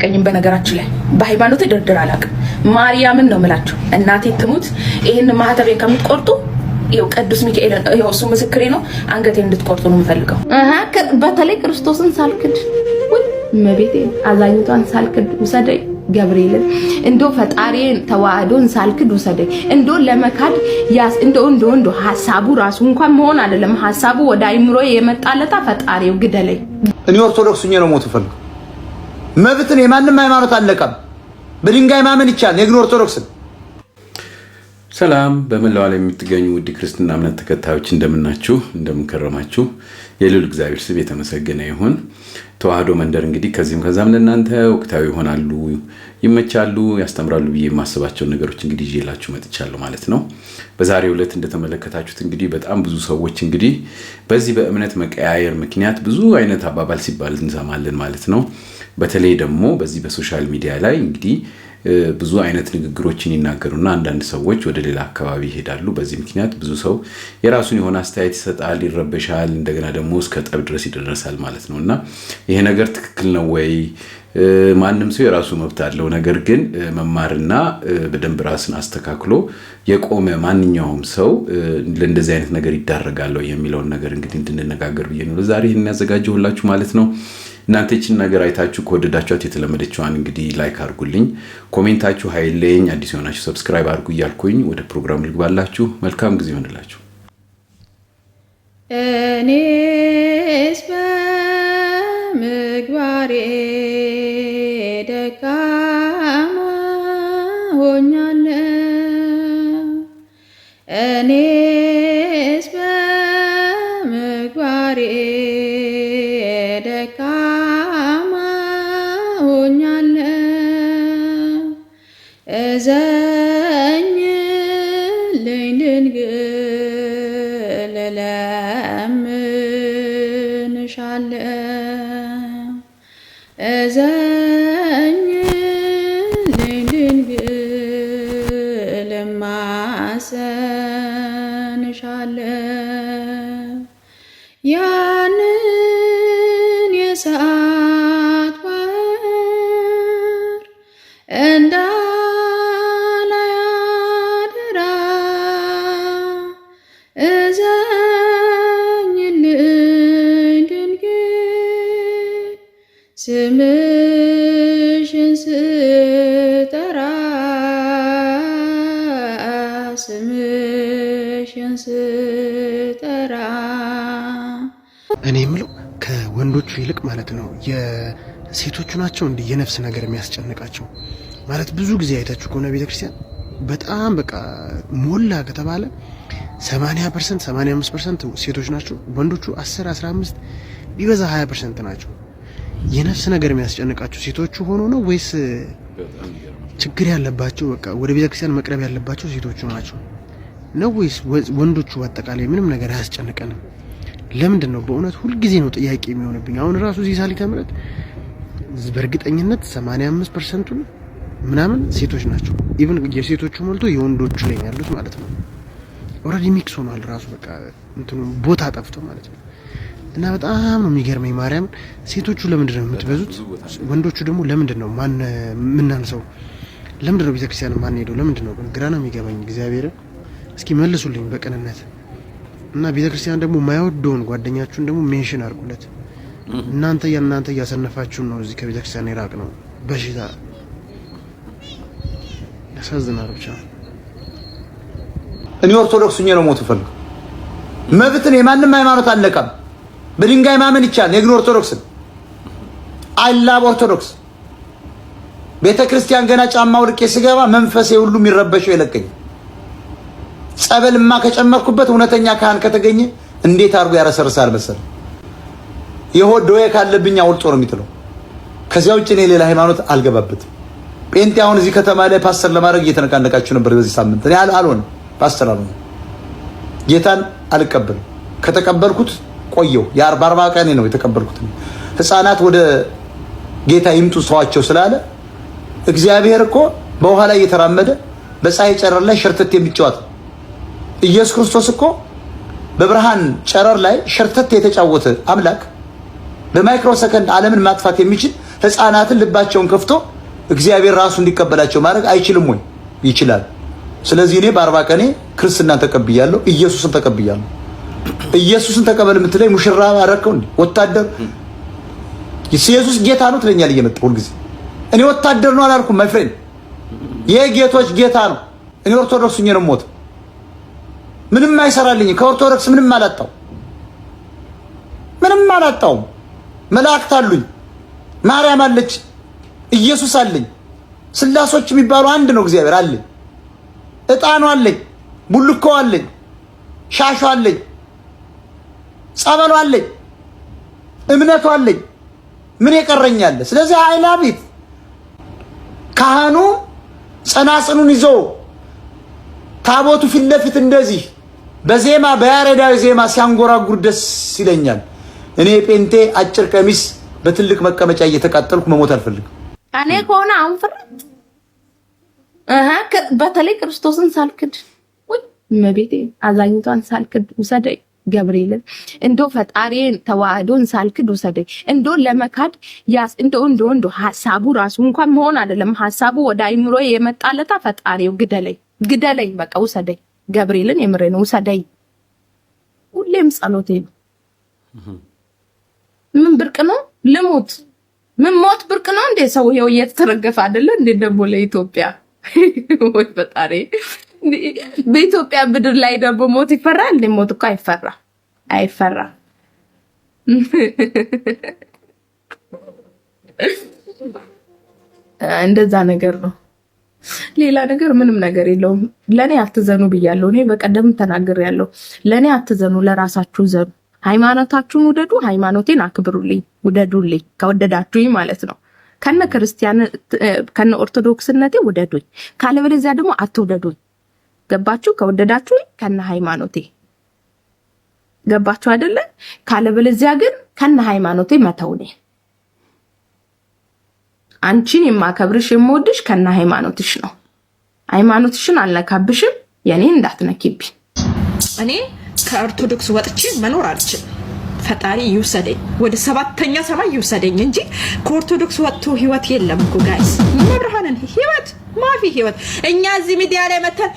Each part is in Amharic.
አታውቀኝም። በነገራችን ላይ በሃይማኖት ድርድር አላውቅም። ማርያምን ነው የምላቸው። እናቴ ትሙት ይህን ማህተቤ ከምትቆርጡ ቅዱስ ሚካኤል እሱ ምስክሬ ነው። አንገቴ እንድትቆርጡ ነው የምፈልገው። በተለይ ክርስቶስን ሳልክድ መቤቴ አዛኝቷን ሳልክድ ውሰደኝ። ገብርኤልን እንዶ ፈጣሪን ተዋህዶን ሳልክድ ውሰደኝ። እንዶ ለመካድ እንዶ እንዶ እንዶ ሀሳቡ ራሱ እንኳን መሆን አይደለም ሀሳቡ ወደ አይምሮ የመጣለታ ፈጣሪው ግደለኝ። እኔ ኦርቶዶክስ ነው ሞት ፈልግ መብት ነው። የማንም ሃይማኖት አለቀም በድንጋይ ማመን ይቻላል የግን ኦርቶዶክስን ሰላም በመላው ዓለም የምትገኙ ውድ ክርስትና እምነት ተከታዮች እንደምናችሁ፣ እንደምንከረማችሁ የልዑል እግዚአብሔር ስም የተመሰገነ ይሁን። ተዋህዶ መንደር እንግዲህ ከዚህም ከዛም ለእናንተ ወቅታዊ ይሆናሉ፣ ይመቻሉ፣ ያስተምራሉ ብዬ የማስባቸውን ነገሮች እንግዲህ ይዤላችሁ መጥቻለሁ ማለት ነው። በዛሬው ዕለት እንደተመለከታችሁት እንግዲህ በጣም ብዙ ሰዎች እንግዲህ በዚህ በእምነት መቀያየር ምክንያት ብዙ አይነት አባባል ሲባል እንሰማለን ማለት ነው። በተለይ ደግሞ በዚህ በሶሻል ሚዲያ ላይ እንግዲህ ብዙ አይነት ንግግሮችን ይናገሩና አንዳንድ ሰዎች ወደ ሌላ አካባቢ ይሄዳሉ። በዚህ ምክንያት ብዙ ሰው የራሱን የሆነ አስተያየት ይሰጣል፣ ይረበሻል፣ እንደገና ደግሞ እስከ ጠብ ድረስ ይደረሳል ማለት ነው እና ይሄ ነገር ትክክል ነው ወይ? ማንም ሰው የራሱ መብት አለው። ነገር ግን መማርና በደንብ ራስን አስተካክሎ የቆመ ማንኛውም ሰው ለእንደዚህ አይነት ነገር ይዳረጋለሁ የሚለውን ነገር እንግዲህ እንድንነጋገር ብዬ ነው ለዛሬ ይህን ያዘጋጀሁላችሁ ማለት ነው። እናንተ ይችን ነገር አይታችሁ ከወደዳችኋት የተለመደችዋን እንግዲህ ላይክ አድርጉልኝ፣ ኮሜንታችሁ ሀይለኝ፣ አዲስ የሆናችሁ ሰብስክራይብ አድርጉ እያልኩኝ ወደ ፕሮግራም ልግባላችሁ። መልካም ጊዜ ይሆንላችሁ። እኔስ በምግባሬ እኔ የምለው ከወንዶቹ ይልቅ ማለት ነው የሴቶቹ ናቸው እንዲህ የነፍስ ነገር የሚያስጨንቃቸው ማለት ብዙ ጊዜ አይታችሁ ከሆነ ቤተክርስቲያን በጣም በቃ ሞላ ከተባለ 80 ፐርሰንት 85 ፐርሰንት ሴቶች ናቸው። ወንዶቹ 10 15 ቢበዛ 20 ፐርሰንት ናቸው። የነፍስ ነገር የሚያስጨንቃቸው ሴቶቹ ሆኖ ነው ወይስ ችግር ያለባቸው በቃ ወደ ቤተክርስቲያን መቅረብ ያለባቸው ሴቶቹ ናቸው ነው ወይስ ወንዶቹ አጠቃላይ ምንም ነገር አያስጨንቀንም? ለምንድን ነው በእውነት ሁልጊዜ ነው ጥያቄ የሚሆንብኝ። አሁን ራሱ እዚህ ሳሊ ተምረት በእርግጠኝነት 85 ፐርሰንቱን ምናምን ሴቶች ናቸው። ኢቭን የሴቶቹ ሞልቶ የወንዶቹ ላይ ያሉት ማለት ነው። ኦልሬዲ ሚክስ ሆኗል ራሱ በቃ እንትኑ ቦታ ጠፍቶ ማለት ነው። እና በጣም ነው የሚገርመኝ ማርያምን። ሴቶቹ ለምንድን ነው የምትበዙት? ወንዶቹ ደግሞ ለምንድን ነው ማን የምናንሰው? ለምንድን ነው ቤተክርስቲያን ማን ሄደው? ለምንድን ነው ግራ ነው የሚገባኝ። እግዚአብሔርን እስኪ መልሱልኝ በቅንነት። እና ቤተክርስቲያን ደግሞ ማይወደውን ጓደኛችሁን ደግሞ ሜንሽን አድርጉለት። እናንተ እናንተ እያሰነፋችሁን ነው እዚህ ከቤተክርስቲያን የራቅ ነው በሽታ ያሳዝናል። ብቻ እኔ ኦርቶዶክስ ነው ሞት ፈልግ መብትን የማንም ሃይማኖት አለቀም። በድንጋይ ማመን ይቻላል። የግን ኦርቶዶክስን አይላብ ኦርቶዶክስ ቤተክርስቲያን ገና ጫማ ውልቄ ስገባ መንፈሴ ሁሉ የሚረበሸው የለቀኝ ጸበልማ ከጨመርኩበት እውነተኛ ካህን ከተገኘ እንዴት አድርጎ ያረሰርሳል መሰለህ። የሆድ ደዌ ካለብኝ አውልጦ ነው የሚጥለው። ከዚያ ውጭ እኔ ሌላ ሃይማኖት አልገባበትም። ጴንጤ አሁን እዚህ ከተማ ላይ ፓስተር ለማድረግ እየተነቃነቃችሁ ነበር። በዚህ ሳምንት እኔ አልሆነ ፓስተር አልሆነ ጌታን አልቀበልም። ከተቀበልኩት ቆየው የአርባ ቀኔ ነው የተቀበልኩት። ህፃናት ወደ ጌታ ይምጡ ሰዋቸው ስላለ እግዚአብሔር እኮ በውሃ ላይ እየተራመደ በፀሐይ ጨረር ላይ ሸርተት የሚጫወት ኢየሱስ ክርስቶስ እኮ በብርሃን ጨረር ላይ ሸርተት የተጫወተ አምላክ በማይክሮ ሰከንድ ዓለምን ማጥፋት የሚችል ህፃናትን ልባቸውን ከፍቶ እግዚአብሔር ራሱ እንዲቀበላቸው ማድረግ አይችልም ወይ? ይችላል። ስለዚህ እኔ በአርባ ቀኔ ክርስትናን ተቀብያለሁ፣ ኢየሱስን ተቀብያለሁ። ኢየሱስን ተቀበል የምትለኝ ሙሽራ አረከው እንዴ? ወታደር ኢየሱስ ጌታ ነው ትለኛል እየመጣ ሁልጊዜ። እኔ ወታደር ነው አላልኩም። ማይ ፍሬንድ ይሄ ጌታ ነው። እኔ ኦርቶዶክስ ነኝ ነው ሞት ምንም አይሰራልኝ። ከኦርቶዶክስ ምንም አላጣው፣ ምንም አላጣውም። መላእክት አሉኝ፣ ማርያም አለች፣ ኢየሱስ አለኝ፣ ስላሶች የሚባሉ አንድ ነው እግዚአብሔር አለኝ፣ እጣኑ አለኝ፣ ቡልኮ አለኝ፣ ሻሹ አለኝ፣ ጸበሉ አለኝ፣ እምነቱ አለኝ። ምን የቀረኛለ? ስለዚህ አይላ ቤት ካህኑ ጸናጽኑን ይዞ ታቦቱ ፊት ለፊት እንደዚህ በዜማ በያረዳዊ ዜማ ሲያንጎራጉር ደስ ይለኛል። እኔ ጴንቴ አጭር ቀሚስ በትልቅ መቀመጫ እየተቃጠልኩ መሞት አልፈልግም። እኔ ከሆነ አሁን ፍርጥ በተለይ ክርስቶስን ሳልክድ ወይ እመቤቴ አዛኝቷን ሳልክድ ውሰደኝ። ገብርኤልን እንዶ ፈጣሪን ተዋህዶን ሳልክድ ውሰደኝ። እንዶ ለመካድ ያስ እንዶ እንዶ እንዶ ሀሳቡ ራሱ እንኳን መሆን አይደለም ሀሳቡ ወደ አይምሮ የመጣለታ ፈጣሪው ግደለኝ፣ ግደለኝ፣ በቃ ውሰደኝ። ገብርኤልን የምሬ ነው ውሰደኝ። ሁሌም ጸሎቴ ነው። ምን ብርቅ ነው ልሞት? ምን ሞት ብርቅ ነው እንዴ? ሰውየው እየተተረገፈ አይደለ እንዴ? ደግሞ ለኢትዮጵያ ወይ ፈጣሪ፣ በኢትዮጵያ ምድር ላይ ደግሞ ሞት ይፈራል? ሞት እኮ አይፈራ አይፈራ እንደዛ ነገር ነው። ሌላ ነገር ምንም ነገር የለውም። ለእኔ አትዘኑ ብያለሁ። እኔ በቀደም ያለው ለእኔ አትዘኑ፣ ለራሳችሁ ዘኑ። ሃይማኖታችሁን ውደዱ፣ ሃይማኖቴን አክብሩልኝ፣ ውደዱልኝ። ከወደዳችሁኝ ማለት ነው። ከነ ክርስቲያን ከነ ኦርቶዶክስነቴ ውደዱኝ፣ ካለበለዚያ ደግሞ አትውደዱኝ። ገባችሁ? ከወደዳችሁኝ ከነ ሃይማኖቴ ገባችሁ አይደለ? ካለበለዚያ ግን ከነ ሃይማኖቴ መተውኔ አንቺን የማከብርሽ የምወድሽ ከና ሃይማኖትሽ ነው። ሃይማኖትሽን አልነካብሽም፣ የኔን እንዳትነኪብኝ። እኔ ከኦርቶዶክስ ወጥቼ መኖር አልችልም። ፈጣሪ ይውሰደኝ፣ ወደ ሰባተኛ ሰማይ ይውሰደኝ እንጂ ከኦርቶዶክስ ወጥቶ ህይወት የለም እኮ ጋይስ። መብርሃንን ህይወት ማፊ ህይወት። እኛ እዚህ ሚዲያ ላይ መተን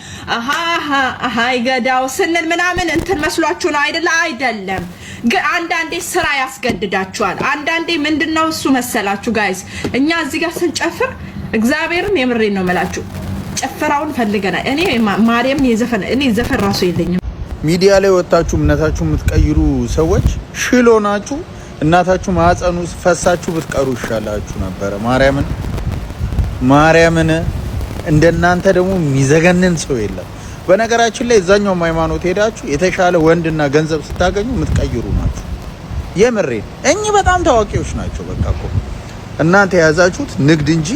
ሃይገዳው ስንል ምናምን እንትን መስሏችሁ ነው አይደለ? አይደለም አንዳንዴ ስራ ያስገድዳችኋል። አንዳንዴ ምንድነው እሱ መሰላችሁ ጋይስ፣ እኛ እዚህ ጋር ስንጨፍር እግዚአብሔርን የምሬ ነው መላችሁ ጨፈራውን ፈልገናል። እኔ ማርያም የዘፈን እኔ ዘፈን ራሱ የለኝም። ሚዲያ ላይ ወጣችሁ እምነታችሁ የምትቀይሩ ሰዎች ሽሎ ናችሁ። እናታችሁ ማህፀኑ ፈሳችሁ ብትቀሩ ይሻላችሁ ነበረ። ማርያምን ማርያምን እንደናንተ ደግሞ የሚዘገንን ሰው የለም። በነገራችን ላይ እዛኛውም ሃይማኖት ሄዳችሁ የተሻለ ወንድና ገንዘብ ስታገኙ የምትቀይሩ የምሬ እኚህ በጣም ታዋቂዎች ናቸው። በቃ እኮ እናንተ የያዛችሁት ንግድ እንጂ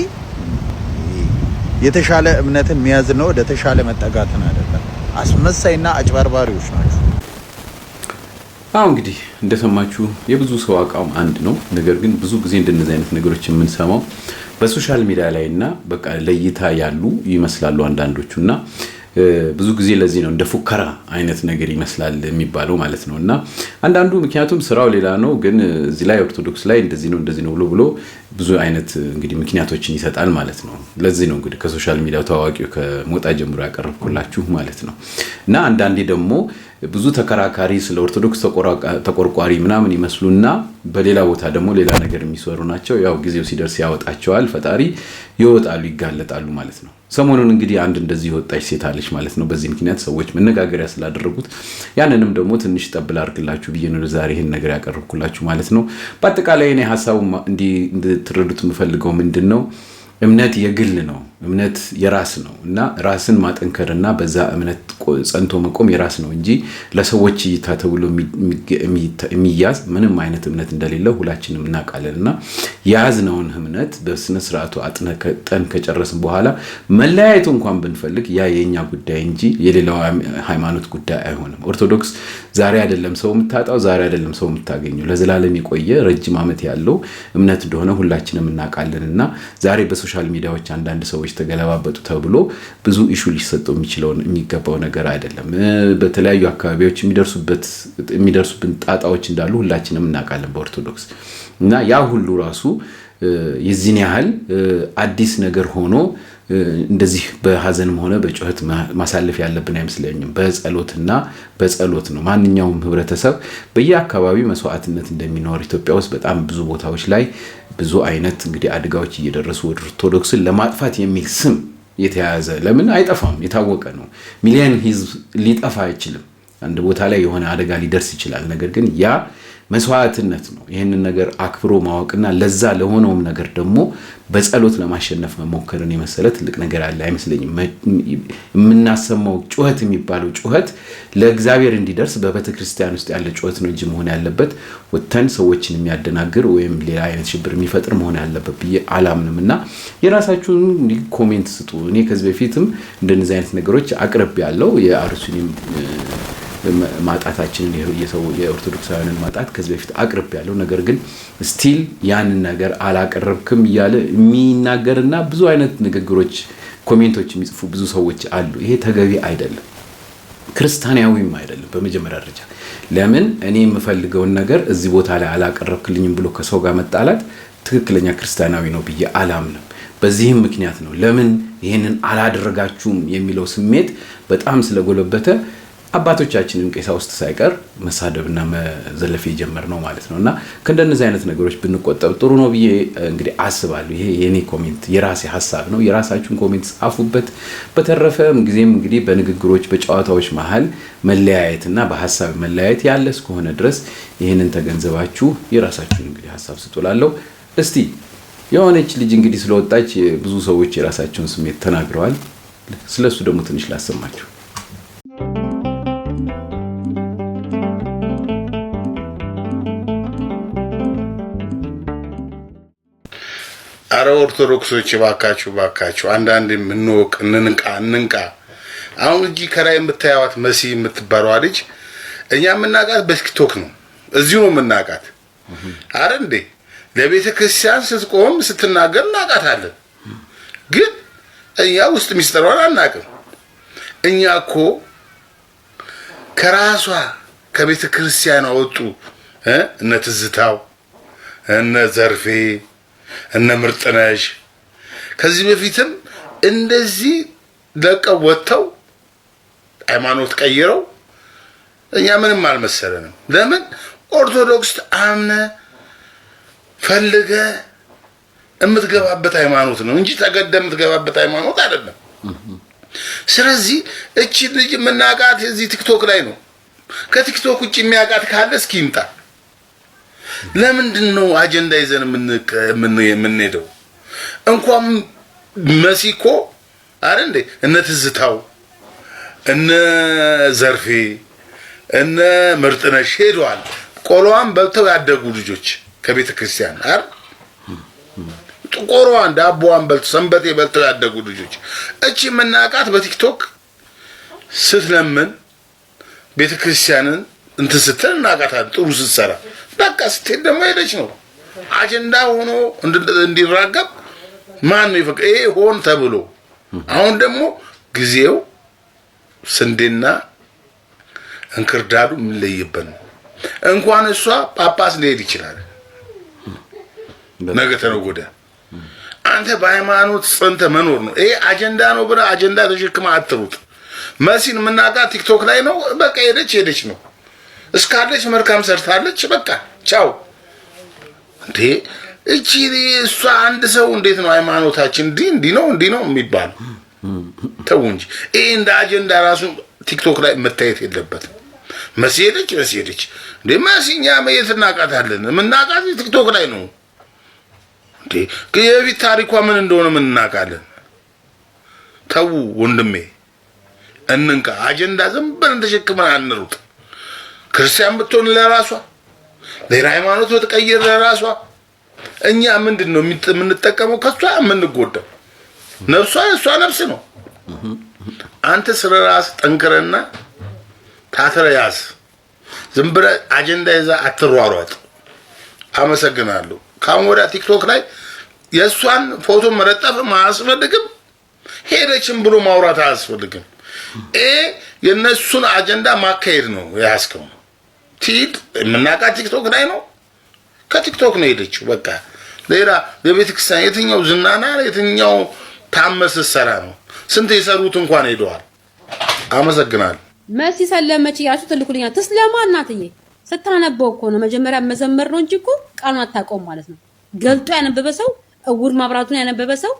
የተሻለ እምነትን መያዝ ነው፣ ወደ ተሻለ መጠጋትን አይደለም። አስመሳይና አጭበርባሪዎች ናቸው። አሁ እንግዲህ እንደሰማችሁ የብዙ ሰው አቋም አንድ ነው። ነገር ግን ብዙ ጊዜ እንደነዚህ አይነት ነገሮች የምንሰማው በሶሻል ሚዲያ ላይ እና በቃ ለእይታ ያሉ ይመስላሉ አንዳንዶቹ እና ብዙ ጊዜ ለዚህ ነው እንደ ፉከራ አይነት ነገር ይመስላል የሚባለው ማለት ነው። እና አንዳንዱ ምክንያቱም ስራው ሌላ ነው፣ ግን እዚህ ላይ ኦርቶዶክስ ላይ እንደዚህ ነው እንደዚህ ነው ብሎ ብሎ ብዙ አይነት እንግዲህ ምክንያቶችን ይሰጣል ማለት ነው። ለዚህ ነው እንግዲህ ከሶሻል ሚዲያው ታዋቂው ከሞጣ ጀምሮ ያቀረብኩላችሁ ማለት ነው። እና አንዳንዴ ደግሞ ብዙ ተከራካሪ ስለ ኦርቶዶክስ ተቆርቋሪ ምናምን ይመስሉና በሌላ ቦታ ደግሞ ሌላ ነገር የሚሰሩ ናቸው። ያው ጊዜው ሲደርስ ያወጣቸዋል ፈጣሪ፣ ይወጣሉ፣ ይጋለጣሉ ማለት ነው። ሰሞኑን እንግዲህ አንድ እንደዚህ የወጣች ሴት አለች ማለት ነው። በዚህ ምክንያት ሰዎች መነጋገሪያ ስላደረጉት ያንንም ደግሞ ትንሽ ጠብል አድርግላችሁ ብዬ ነው ዛሬ ይህን ነገር ያቀረብኩላችሁ ማለት ነው። በአጠቃላይ እኔ ሀሳቡ እንዲህ እንድትረዱት የምፈልገው ምንድን ነው፣ እምነት የግል ነው እምነት የራስ ነው እና ራስን ማጠንከር በዛ እምነት ጸንቶ መቆም የራስ ነው እንጂ ለሰዎች እይታ ተብሎ የሚያዝ ምንም አይነት እምነት እንደሌለው ሁላችንም እናውቃለን። እና የያዝነውን እምነት በስነስርዓቱ አጥንተን ከጨረስን በኋላ መለያየቱ እንኳን ብንፈልግ ያ የእኛ ጉዳይ እንጂ የሌላው ሃይማኖት ጉዳይ አይሆንም። ኦርቶዶክስ ዛሬ አይደለም ሰው የምታጣው፣ ዛሬ አይደለም ሰው የምታገኘው፣ ለዘላለም የቆየ ረጅም ዓመት ያለው እምነት እንደሆነ ሁላችንም እናውቃለን። እና ዛሬ በሶሻል ሚዲያዎች አንዳንድ ሰዎች ሰዎች ተገለባበጡ ተብሎ ብዙ ኢሹ ሊሰጠው የሚችለውን የሚገባው ነገር አይደለም። በተለያዩ አካባቢዎች የሚደርሱብን ጣጣዎች እንዳሉ ሁላችንም እናውቃለን በኦርቶዶክስ እና ያ ሁሉ ራሱ የዚህን ያህል አዲስ ነገር ሆኖ እንደዚህ በሀዘንም ሆነ በጩኸት ማሳለፍ ያለብን አይመስለኝም። በጸሎትና በጸሎት ነው። ማንኛውም ህብረተሰብ በየአካባቢ መስዋዕትነት እንደሚኖር ኢትዮጵያ ውስጥ በጣም ብዙ ቦታዎች ላይ ብዙ አይነት እንግዲህ አደጋዎች እየደረሱ ወደ ኦርቶዶክስን ለማጥፋት የሚል ስም የተያያዘ ለምን አይጠፋም? የታወቀ ነው። ሚሊየን ህዝብ ሊጠፋ አይችልም። አንድ ቦታ ላይ የሆነ አደጋ ሊደርስ ይችላል። ነገር ግን ያ መስዋዕትነት ነው። ይህንን ነገር አክብሮ ማወቅና ለዛ ለሆነውም ነገር ደግሞ በጸሎት ለማሸነፍ መሞከርን የመሰለ ትልቅ ነገር አለ አይመስለኝም። የምናሰማው ጩኸት የሚባለው ጩኸት ለእግዚአብሔር እንዲደርስ በቤተ ክርስቲያን ውስጥ ያለ ጩኸት ነው እንጂ መሆን ያለበት ወተን ሰዎችን የሚያደናግር ወይም ሌላ አይነት ሽብር የሚፈጥር መሆን ያለበት ብዬ አላምንም እና የራሳችሁን ኮሜንት ስጡ። እኔ ከዚህ በፊትም እንደነዚህ አይነት ነገሮች አቅርብ ያለው የአርሱኒም ማጣታችንን የኦርቶዶክሳውያንን ማጣት ከዚህ በፊት አቅርብ ያለው ነገር ግን ስቲል ያንን ነገር አላቀረብክም እያለ የሚናገርና ብዙ አይነት ንግግሮች፣ ኮሜንቶች የሚጽፉ ብዙ ሰዎች አሉ። ይሄ ተገቢ አይደለም፣ ክርስቲያናዊም አይደለም። በመጀመሪያ ደረጃ ለምን እኔ የምፈልገውን ነገር እዚህ ቦታ ላይ አላቀረብክልኝም ብሎ ከሰው ጋር መጣላት ትክክለኛ ክርስቲያናዊ ነው ብዬ አላምንም። በዚህም ምክንያት ነው ለምን ይህንን አላደረጋችሁም የሚለው ስሜት በጣም ስለጎለበተ አባቶቻችንም ቀሳውስት ሳይቀር መሳደብና መዘለፍ የጀመር ነው ማለት ነው። እና ከእንደነዚህ አይነት ነገሮች ብንቆጠብ ጥሩ ነው ብዬ እንግዲህ አስባለሁ። ይሄ የኔ ኮሜንት የራሴ ሀሳብ ነው። የራሳችሁን ኮሜንት ጻፉበት። በተረፈም ጊዜም እንግዲህ በንግግሮች በጨዋታዎች መሀል መለያየትና በሀሳብ መለያየት ያለ እስከሆነ ድረስ ይህንን ተገንዘባችሁ የራሳችሁን እንግዲህ ሀሳብ ስጡላለሁ። እስቲ የሆነች ልጅ እንግዲህ ስለወጣች ብዙ ሰዎች የራሳቸውን ስሜት ተናግረዋል። ስለሱ ደግሞ ትንሽ ላሰማችሁ። አረ ኦርቶዶክሶች ባካችሁ ባካችሁ፣ አንዳንድ እንወቅ፣ እንንቃ፣ እንንቃ። አሁን እጂ ከላይ የምታያዋት መሲ የምትባለዋ ልጅ እኛ የምናውቃት በቲክቶክ ነው። እዚሁ ነው የምናውቃት። አረ እንዴ ለቤተ ክርስቲያን ስትቆም ስትናገር እናውቃታለን፣ ግን እኛ ውስጥ ሚስጥሯን አናውቅም። እኛ እኮ ከራሷ ከቤተ ክርስቲያን ወጡ እነ ትዝታው እነ ዘርፌ እነ ምርጥነሽ ከዚህ በፊትም እንደዚህ ለቀው ወጥተው ሃይማኖት ቀይረው እኛ ምንም አልመሰለንም። ለምን ኦርቶዶክስ አምነ ፈልገ የምትገባበት ሃይማኖት ነው እንጂ ተገደ የምትገባበት ሃይማኖት አይደለም። ስለዚህ እቺ ልጅ የምናውቃት እዚህ ቲክቶክ ላይ ነው። ከቲክቶክ ውጭ የሚያውቃት ካለ እስኪ ይምጣ። ለምንድን ነው አጀንዳ ይዘን የምንሄደው? እንኳን መሲኮ አረ እንዴ እነ ትዝታው እነ ዘርፌ እነ ምርጥነሽ ሄደዋል። ቆሎዋን በልተው ያደጉ ልጆች ከቤተ ክርስቲያን አር ቆሎዋን ዳቦዋን በልተው ሰንበቴ በልተው ያደጉ ልጆች እቺ የምናውቃት በቲክቶክ ስትለምን ቤተ ክርስቲያንን እንትን ስትል እናውቃታለን። ጥሩ ስትሰራ በቃ ስትሄድ ደግሞ ሄደች ነው። አጀንዳ ሆኖ እንዲራገብ ማን ነው ይፈቅ? ይሄ ሆን ተብሎ አሁን ደግሞ ጊዜው ስንዴና እንክርዳዱ የምንለይበት ነው። እንኳን እሷ ጳጳስ ሊሄድ ይችላል። ነገ ተነጎደ አንተ በሃይማኖት ጽንተ መኖር ነው። ይሄ አጀንዳ ነው ብለህ አጀንዳ ተሸክማ አትሩጥ። መሲን የምናውቃት ቲክቶክ ላይ ነው። በቃ ሄደች ሄደች ነው። እስካለች መልካም ሰርታለች። በቃ ቻው። እንዴ እቺ እሷ አንድ ሰው እንዴት ነው ሃይማኖታችን እንዲህ እንዲህ ነው እንዲህ ነው የሚባል? ተው እንጂ ይሄ እንደ አጀንዳ ራሱ ቲክቶክ ላይ መታየት የለበትም። መስሄደች መስሄደች እንዴ መሲኛ መየት እናቃታለን። የምናቃት ቲክቶክ ላይ ነው እንዴ የቤት ታሪኳ ምን እንደሆነ ምን እናቃለን። ተው ወንድሜ እንንቃ። አጀንዳ ዝም ብለን ተሸክመን አንሩጥ። ክርስቲያን ብትሆን ለራሷ፣ ሌላ ሃይማኖት ብትቀይር ለራሷ። እኛ ምንድን ነው የምንጠቀመው? ከሷ የምንጎዳው ነፍሷ የእሷ ነፍስ ነው። አንተ ስለ ራስ ጠንክረና ታትረ ያዝ። ዝም ብለህ አጀንዳ ይዛ አትሯሯጥ። አመሰግናለሁ። ከአሁን ወዲያ ቲክቶክ ላይ የእሷን ፎቶ መለጠፍም አያስፈልግም። ሄደችም ብሎ ማውራት አያስፈልግም። ይሄ የእነሱን አጀንዳ ማካሄድ ነው ያስከው ቲክ የምናውቃት ቲክቶክ ላይ ነው። ከቲክቶክ ነው የሄደችው። በቃ ሌላ በቤተ ክርስቲያን የትኛው ዝናና የትኛው ታመስ ሰራ ነው። ስንት የሰሩት እንኳን ሄደዋል። አመሰግናለሁ። መሲ ሰለመች እያላችሁ ትልኩልኛ ትስለማ እናትዬ ስታነበው እኮ ነው መጀመሪያ መዘመር ነው እንጂ እኮ ቃሉን አታውቀውም ማለት ነው። ገልጦ ያነበበ ሰው፣ እውር ማብራቱን ያነበበ ሰው፣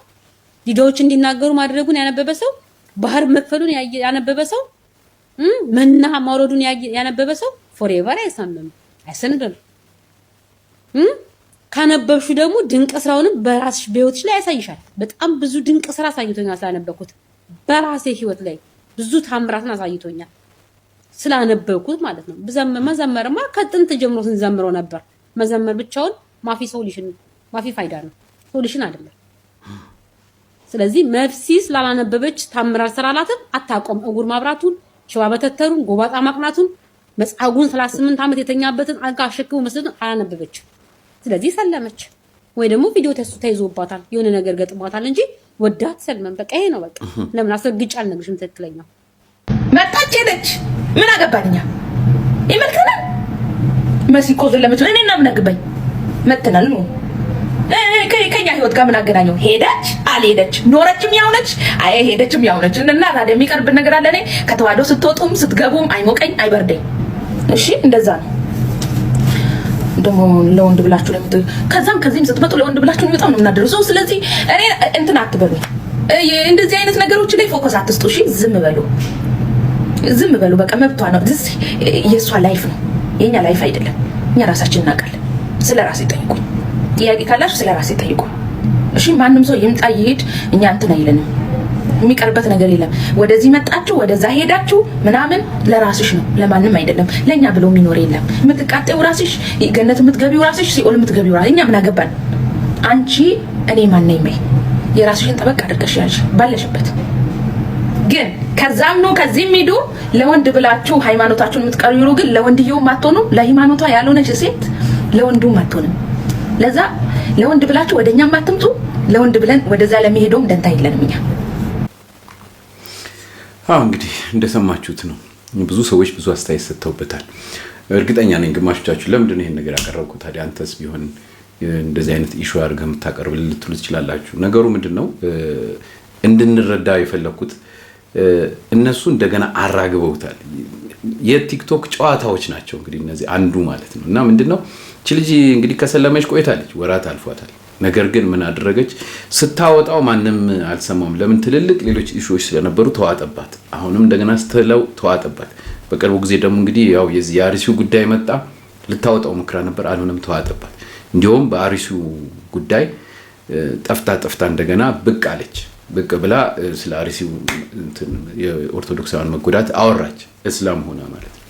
ዲዳዎች እንዲናገሩ ማድረጉን ያነበበ ሰው፣ ባህር መክፈሉን ያነበበ ሰው፣ መና ማውረዱን ያነበበ ሰው ፎሬቨር አይሳምም፣ አይሰንድም። ካነበብሹ ደግሞ ድንቅ ስራውንም በራስሽ በህይወትሽ ላይ ያሳይሻል። በጣም ብዙ ድንቅ ስራ አሳይቶኛል ስላነበብኩት፣ በራሴ ህይወት ላይ ብዙ ታምራትን አሳይቶኛል ስላነበብኩት ማለት ነው። መዘመርማ ከጥንት ጀምሮ ስንዘምረው ነበር። መዘመር ብቻውን ማፊ ሶሉሽን ማፊ ፋይዳ ነው፣ ሶሉሽን አይደለም። ስለዚህ መፍሲ ስላላነበበች ታምራት ስራ አታቆም። እጉር ማብራቱን፣ ሽባ መተተሩን፣ ጎባጣ ማቅናቱን መጽሐጉን 38 አመት ዓመት የተኛበትን አልጋ አሸክሙ መስለቱን አላነበበችም። ስለዚህ ሰለመች። ወይ ደግሞ ቪዲዮ ተሱ ተይዞባታል የሆነ ነገር ገጥሟታል እንጂ ወዳት ሰልመን በቃ ይሄ ነው በቃ። ለምን አስረግጬ አልነግርሽም። ትክክለኛው መጣች ሄደች። ምን አገባኝ ይመልከና መሲኮ ዘለመች። እኔ እና ምን አገባኝ መጥተናል ነው ከኛ ህይወት ጋር ምን አገናኘው? ሄደች አልሄደች፣ ኖረችም ያውነች፣ አይ ሄደችም ያውነች እና ታዲያ የሚቀርብን ነገር አለ? እኔ ከተዋህዶ ስትወጡም ስትገቡም አይሞቀኝ አይበርደኝ። እሺ፣ እንደዛ ነው ደግሞ ለወንድ ብላችሁ ለምት ከዛም ከዚህም ስትመጡ ለወንድ ብላችሁ በጣም ነው የምናደረው ሰው። ስለዚህ እኔ እንትን አትበሉ፣ እንደዚህ አይነት ነገሮች ላይ ፎከስ አትስጡ። እሺ፣ ዝም በሉ፣ ዝም በሉ። በቃ መብቷ ነው። የእሷ ላይፍ ነው፣ የኛ ላይፍ አይደለም። እኛ ራሳችን እናውቃለን። ስለ ራሴ ጠይቁ፣ ጥያቄ ካላችሁ ስለ ራሴ ጠይቁ። እሺ፣ ማንም ሰው ይምጣ ይሄድ፣ እኛ እንትን አይለንም። የሚቀርበት ነገር የለም። ወደዚህ መጣችሁ፣ ወደዛ ሄዳችሁ ምናምን ለራስሽ ነው፣ ለማንም አይደለም። ለእኛ ብሎ የሚኖር የለም። የምትቃጠው ራስሽ፣ ገነት የምትገቢው ራስሽ፣ ሲኦል የምትገቢው ራስሽ። እኛ ምን አገባን? አንቺ እኔ ማነኝ በይ። የራስሽን ጠበቅ አድርገሽ ያልሽ ባለሽበት ግን ከዛም ነው ከዚህም ሄዱ ለወንድ ብላችሁ ሃይማኖታችሁን የምትቀይሩ ግን ለወንድየውም ማትሆኑ ለሃይማኖቷ ያልሆነች ሴት ለወንዱ አትሆንም። ለዛ ለወንድ ብላችሁ ወደኛም አትምጡ። ለወንድ ብለን ወደዛ ለሚሄደውም ደንታ የለንም እኛ። አዎ እንግዲህ እንደሰማችሁት ነው። ብዙ ሰዎች ብዙ አስተያየት ሰጥተውበታል። እርግጠኛ ነኝ ግማሾቻችሁ ለምንድነው ይሄን ነገር ያቀረብኩት ታዲያ አንተስ ቢሆን እንደዚህ አይነት ኢሹ አድርገህ የምታቀርብል ልትሉ ትችላላችሁ። ነገሩ ምንድን ነው እንድንረዳ የፈለግኩት እነሱ እንደገና አራግበውታል። የቲክቶክ ጨዋታዎች ናቸው እንግዲህ እነዚህ አንዱ ማለት ነው። እና ምንድን ነው ልጅ እንግዲህ ከሰለመች ቆይታለች፣ ወራት አልፏታል። ነገር ግን ምን አደረገች? ስታወጣው ማንም አልሰማውም። ለምን? ትልልቅ ሌሎች ኢሹዎች ስለነበሩ ተዋጠባት። አሁንም እንደገና ስትለው ተዋጠባት። በቅርቡ ጊዜ ደግሞ እንግዲህ ያው የዚህ የአርሲው ጉዳይ መጣ። ልታወጣው ሞክራ ነበር፣ አልሆነም፣ ተዋጠባት። እንዲሁም በአርሲው ጉዳይ ጠፍታ ጠፍታ እንደገና ብቅ አለች። ብቅ ብላ ስለ አርሲው የኦርቶዶክሳውያን መጎዳት አወራች፣ እስላም ሆና ማለት ነው።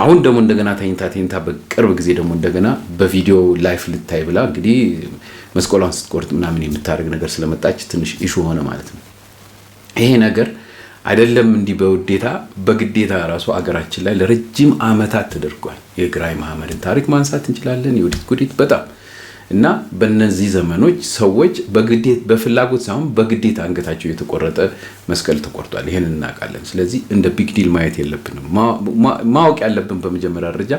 አሁን ደግሞ እንደገና ተኝታ ተኝታ በቅርብ ጊዜ ደግሞ እንደገና በቪዲዮ ላይፍ ልታይ ብላ እንግዲህ መስቀሏን ስትቆርጥ ምናምን የምታደርግ ነገር ስለመጣች ትንሽ ኢሹ ሆነ ማለት ነው። ይሄ ነገር አይደለም እንዲህ በውዴታ በግዴታ ራሱ አገራችን ላይ ለረጅም ዓመታት ተደርጓል። የግራኝ ማህመድን ታሪክ ማንሳት እንችላለን። የውዲት ጉዲት በጣም እና በእነዚህ ዘመኖች ሰዎች በግዴት በፍላጎት ሳይሆን በግዴታ አንገታቸው የተቆረጠ መስቀል ተቆርጧል። ይህን እናውቃለን። ስለዚህ እንደ ቢግ ዲል ማየት የለብንም። ማወቅ ያለብን በመጀመሪያ ደረጃ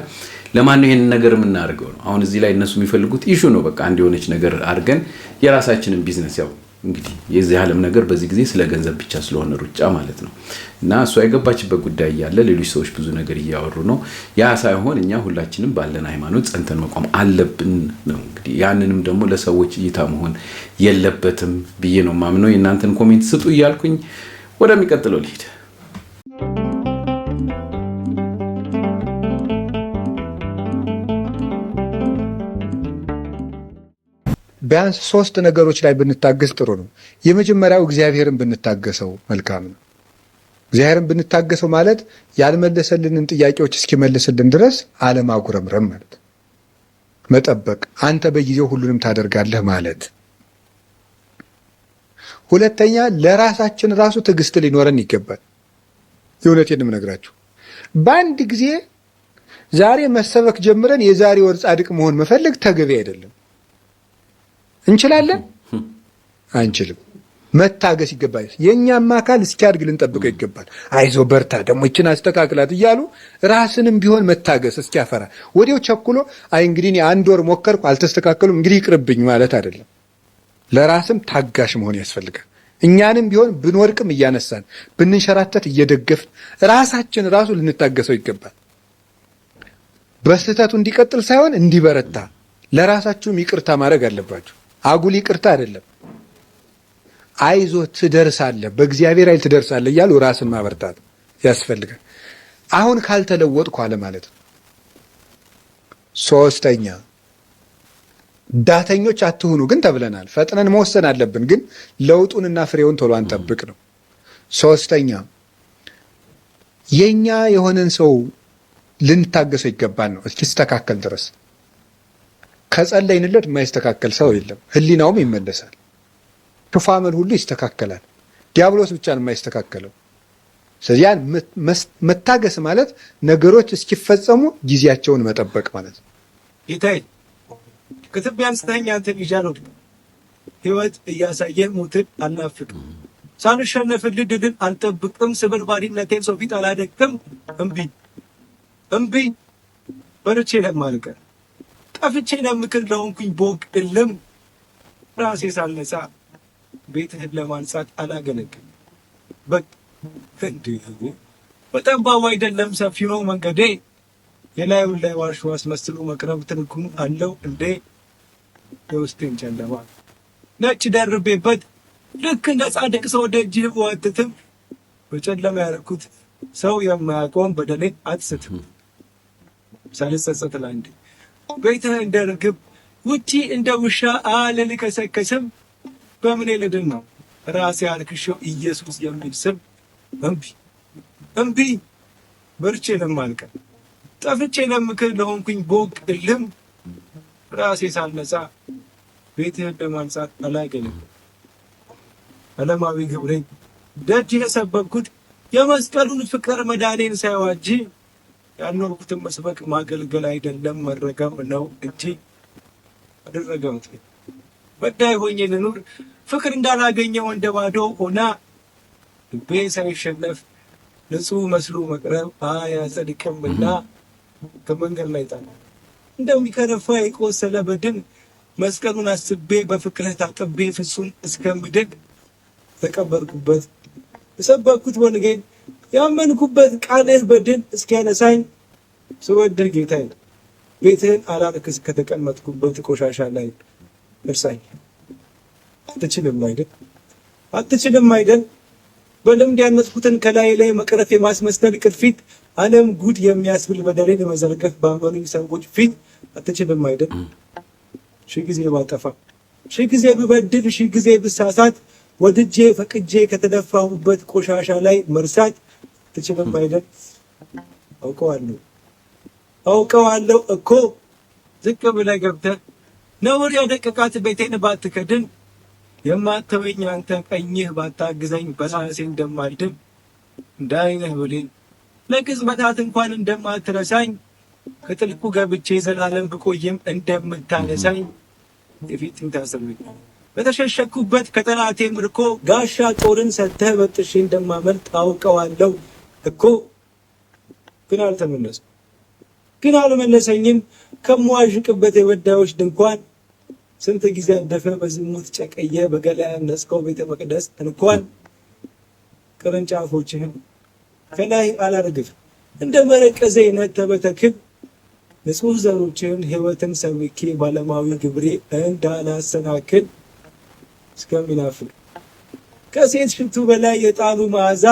ለማን ነው ይህንን ነገር የምናደርገው ነው። አሁን እዚህ ላይ እነሱ የሚፈልጉት ኢሹ ነው። በቃ አንድ የሆነች ነገር አድርገን የራሳችንን ቢዝነስ ያው እንግዲህ የዚህ ዓለም ነገር በዚህ ጊዜ ስለ ገንዘብ ብቻ ስለሆነ ሩጫ ማለት ነው እና እሷ የገባችበት ጉዳይ እያለ ሌሎች ሰዎች ብዙ ነገር እያወሩ ነው። ያ ሳይሆን እኛ ሁላችንም ባለን ሃይማኖት ጸንተን መቆም አለብን ነው እንግዲህ። ያንንም ደግሞ ለሰዎች እይታ መሆን የለበትም ብዬ ነው ማምነው። የእናንተን ኮሜንት ስጡ እያልኩኝ ወደሚቀጥለው ልሂድ። ቢያንስ ሶስት ነገሮች ላይ ብንታገስ ጥሩ ነው። የመጀመሪያው እግዚአብሔርን ብንታገሰው መልካም ነው። እግዚአብሔርን ብንታገሰው ማለት ያልመለሰልንን ጥያቄዎች እስኪመልስልን ድረስ አለማጉረምረም ማለት መጠበቅ፣ አንተ በጊዜው ሁሉንም ታደርጋለህ ማለት። ሁለተኛ ለራሳችን ራሱ ትዕግስት ሊኖረን ይገባል። የእውነቴንም ነግራችሁ በአንድ ጊዜ ዛሬ መሰበክ ጀምረን የዛሬ ወር ጻድቅ መሆን መፈለግ ተገቢ አይደለም። እንችላለን አንችልም። መታገስ ይገባል። የእኛም አካል እስኪያድግ ልንጠብቀው ይገባል። አይዞ በርታ፣ ደግሞ ይችን አስተካክላት እያሉ ራስንም ቢሆን መታገስ እስኪያፈራ ወዲያው ቸኩሎ አይ እንግዲህ አንድ ወር ሞከርኩ አልተስተካከሉም እንግዲህ ይቅርብኝ ማለት አይደለም። ለራስም ታጋሽ መሆን ያስፈልጋል። እኛንም ቢሆን ብንወድቅም እያነሳን ብንንሸራተት እየደገፍን ራሳችን ራሱ ልንታገሰው ይገባል። በስህተቱ እንዲቀጥል ሳይሆን እንዲበረታ ለራሳችሁም ይቅርታ ማድረግ አለባችሁ። አጉል ይቅርታ አይደለም። አይዞ ትደርሳለ፣ በእግዚአብሔር አይል ትደርሳለ እያሉ ራስን ማበርታት ያስፈልጋል። አሁን ካልተለወጥኩ አለ ማለት ነው። ሶስተኛ ዳተኞች አትሁኑ ግን ተብለናል። ፈጥነን መወሰን አለብን ግን ለውጡንና ፍሬውን ቶሎ አንጠብቅ ነው። ሶስተኛ የእኛ የሆነን ሰው ልንታገሰው ይገባል ነው እስኪስተካከል ድረስ ከጸለይንለት የማይስተካከል ሰው የለም። ህሊናውም ይመለሳል። ክፉ አመል ሁሉ ይስተካከላል። ዲያብሎስ ብቻ ነው የማይስተካከለው። ስለዚህ ያን መታገስ ማለት ነገሮች እስኪፈጸሙ ጊዜያቸውን መጠበቅ ማለት ነው። ይታይ ክትብ ያንስተኛ እንትን ይዣለው ህይወት እያሳየ ሞትን አናፍቅም። ሳልሸነፍልህ ድልን አልጠብቅም ባሪነቴን ሰው ፊት አላደግም እምቢ እምቢ በርቼ ለማልቀር ጠፍቼ ለምክር ለሆንኩኝ ቦግ እልም ራሴ ሳልነጻ ቤትህን ለማንጻት አላገለግም። በእንዲሁ በጠባቡ አይደለም ሰፊ ነው መንገዴ። የላዩን ላይ ዋሾ አስመስሎ መቅረብ ትርጉም አለው እንዴ? የውስጤን ጨለማ ነጭ ደርቤበት ልክ እንደ ጻድቅ ሰው ደጅህ ብወትትም በጨለማ ያረኩት ሰው የማያቆም በደሌ አትስትም ሳልጸጸት ላንዴ ቤተ እንደ ርግብ ውጪ እንደ ውሻ አልልከሰከስም። በምን ልድን ነው ራሴ አልክሸው ኢየሱስ የሚል ስም እምቢ እምቢ በርቼ ለማልቀ ጠፍቼ ለምክር ለሆንኩኝ ቦቅ እልም ራሴ ሳልነጻ ቤትህን ለማንጻት አላገኝም። ዓለማዊ ግብሬ ደጅ የሰበኩት የመስቀሉን ፍቅር መዳኔን ሳይዋጅ ያልኖርኩትን መስበክ ማገልገል አይደለም መረገም ነው እንጂ አደረገምት በዳይ ሆኜ ልኑር ፍቅር እንዳላገኘው እንደ ባዶ ሆና ልቤ ሳይሸነፍ ንጹህ መስሎ መቅረብ አያጸድቅምና ከመንገድ ላይ ጣል እንደሚከረፋ የቆሰለ በድን መስቀሉን አስቤ በፍቅርህ ታጥቤ ፍጹም እስከምድግ ተቀበርኩበት የሰበኩት ወንጌል ያመንኩበት ቃልህ በድን እስኪያነሳኝ ስወድህ ጌታዬ ቤትህን አላርክስ ከተቀመጥኩበት ቆሻሻ ላይ እርሳኝ። አትችልም አይደል? አትችልም አይደል? በልምድ ያነጥኩትን ከላይ ላይ መቅረፍ የማስመሰል ቅርፊት ዓለም ጉድ የሚያስብል በደሌን ለመዘርገፍ ባመኑኝ ሰዎች ፊት አትችልም አይደል? ሺህ ጊዜ ባጠፋ፣ ሺህ ጊዜ ብበድል፣ ሺህ ጊዜ ብሳሳት ወድጄ ፈቅጄ ከተደፋሁበት ቆሻሻ ላይ መርሳት አትችልም አይደል? አውቀዋለሁ አውቀዋለሁ እኮ ዝቅ ብለህ ገብተህ ነውር ያደቀቃት ቤቴን ባትከድን የማተወኝ አንተ ቀኝህ ባታግዘኝ በራሴ እንደማልድን እንዳይነህ ብሌን ለቅጽበታት እንኳን እንደማትረሳኝ ከጥልቁ ገብቼ ዘላለም ብቆይም እንደምታነሳኝ የፊትን ታስረኝ በተሸሸኩበት ከጠላቴ ምርኮ ጋሻ ጦርን ሰጥተህ በጥሼ እንደማመልጥ አውቀዋለሁ። እኮ ግን አልተመለሰ ግን አልመለሰኝም። ከመዋዥቅበት የበዳዮች ድንኳን ስንት ጊዜ አደፈ በዝሙት ጨቀየ፣ በገላ ያነጽከው ቤተ መቅደስ እንኳን ቅርንጫፎችህን ከላይ አላርግፍ። እንደ መረቀዘ ተበተክብ ንጹህ ዘሮችን ህይወትን ሰብኬ ባለማዊ ግብሬ እንዳላሰናክል እስከሚናፍቅ ከሴት ሽቱ በላይ የጣሉ መዓዛ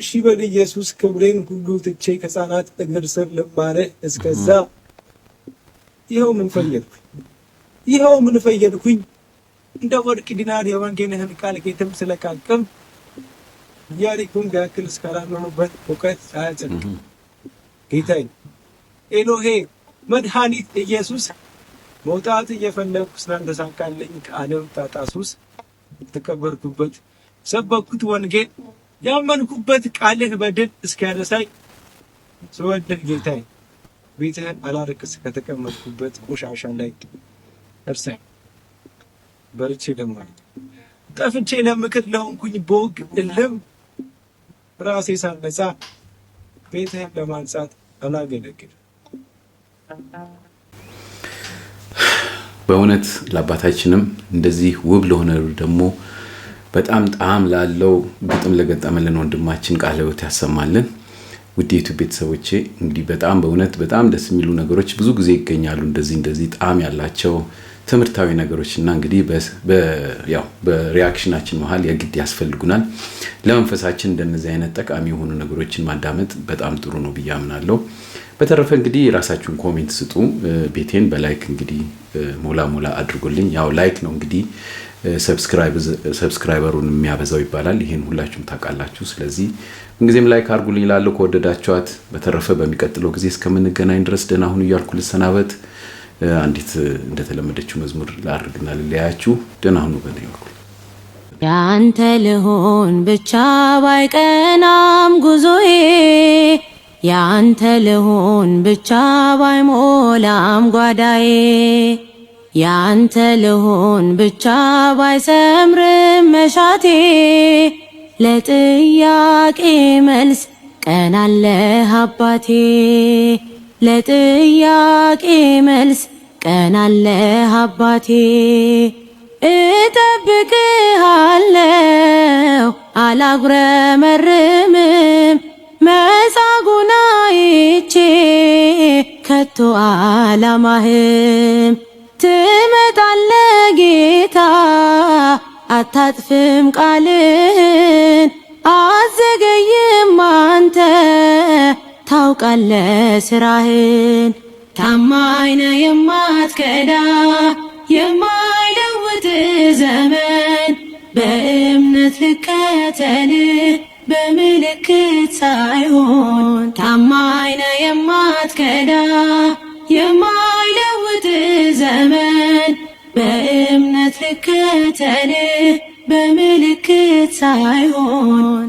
እሺ በል ኢየሱስ ክብሬን ሁሉ ትቼ ከሕፃናት እግር ስር ልማረ እስከዛ ይኸው ምን ፈየድኩኝ፣ ይኸው ምን ፈየድኩኝ። እንደ ወርቅ ዲናር የወንጌልህን ቃል ጌትም ስለቃቅም ኢያሪኮን ያክል እስካላመኑበት እውቀት ሳያጸድቅ ጌታይ ኤሎሄ መድኃኒት ኢየሱስ መውጣት እየፈለግኩ ስላልተሳካልኝ ከዓለም ጣጣ ሱስ የተቀበርኩበት ሰበኩት ወንጌል ያመንኩበት ቃልህ በድል እስኪያነሳኝ ስወድህ ጌታዬ ቤትህን አላርቅስ ከተቀመጥኩበት ቆሻሻ ላይ እርሳኝ። በርቼ ለማለት ጠፍቼ ለምክር ለሆንኩኝ በወግ እልም ራሴ ሳነጻ ቤትህን ለማንጻት አላገለግል። በእውነት ለአባታችንም እንደዚህ ውብ ለሆነ ደግሞ በጣም ጣዕም ላለው ግጥም ለገጠመልን ወንድማችን ቃለ ሕይወት ያሰማልን። ውዴቱ ቤተሰቦቼ እንግዲህ በጣም በእውነት በጣም ደስ የሚሉ ነገሮች ብዙ ጊዜ ይገኛሉ። እንደዚህ እንደዚህ ጣዕም ያላቸው ትምህርታዊ ነገሮች እና እንግዲህ በሪያክሽናችን መሀል የግድ ያስፈልጉናል። ለመንፈሳችን እንደነዚህ አይነት ጠቃሚ የሆኑ ነገሮችን ማዳመጥ በጣም ጥሩ ነው ብዬ አምናለሁ። በተረፈ እንግዲህ የራሳችሁን ኮሜንት ስጡ። ቤቴን በላይክ እንግዲህ ሞላ ሞላ አድርጉልኝ። ያው ላይክ ነው እንግዲህ ሰብስክራይበሩን የሚያበዛው ይባላል። ይህን ሁላችሁም ታውቃላችሁ። ስለዚህ ምንጊዜም ላይክ አድርጉልኝ እላለሁ ከወደዳችኋት። በተረፈ በሚቀጥለው ጊዜ እስከምንገናኝ ድረስ ደህና ሁኑ እያልኩ ልሰናበት። አንዲት እንደተለመደችው መዝሙር ላድርግና ልለያችሁ። ደህና ሁኑ በኔ በኩል ያንተ ልሆን ብቻ ባይቀናም ጉዞዬ ያንተ ልሆን ብቻ ባይሞላም ጓዳዬ ያንተ ልሆን ብቻ ባይሰምርም መሻቴ ለጥያቄ መልስ ቀን አባቴ ለጥያቄ መልስ ቀን አባቴ እጠብቅሃለሁ አላጉረመርምም መጻጉዕን አይቼ ከቶ አላማህም ትመጣለ ጌታ አታጥፍም ቃልን አዘገይም አንተ ታውቃለ ስራህን ታማይነ የማትከዳ የማይለውጥ ዘመን በእምነት ልከተል በምልክት ሳይሆን ታማይነ የማትከዳ የማይለውጥ ዘመን በእምነት ልከተል በምልክት ሳይሆን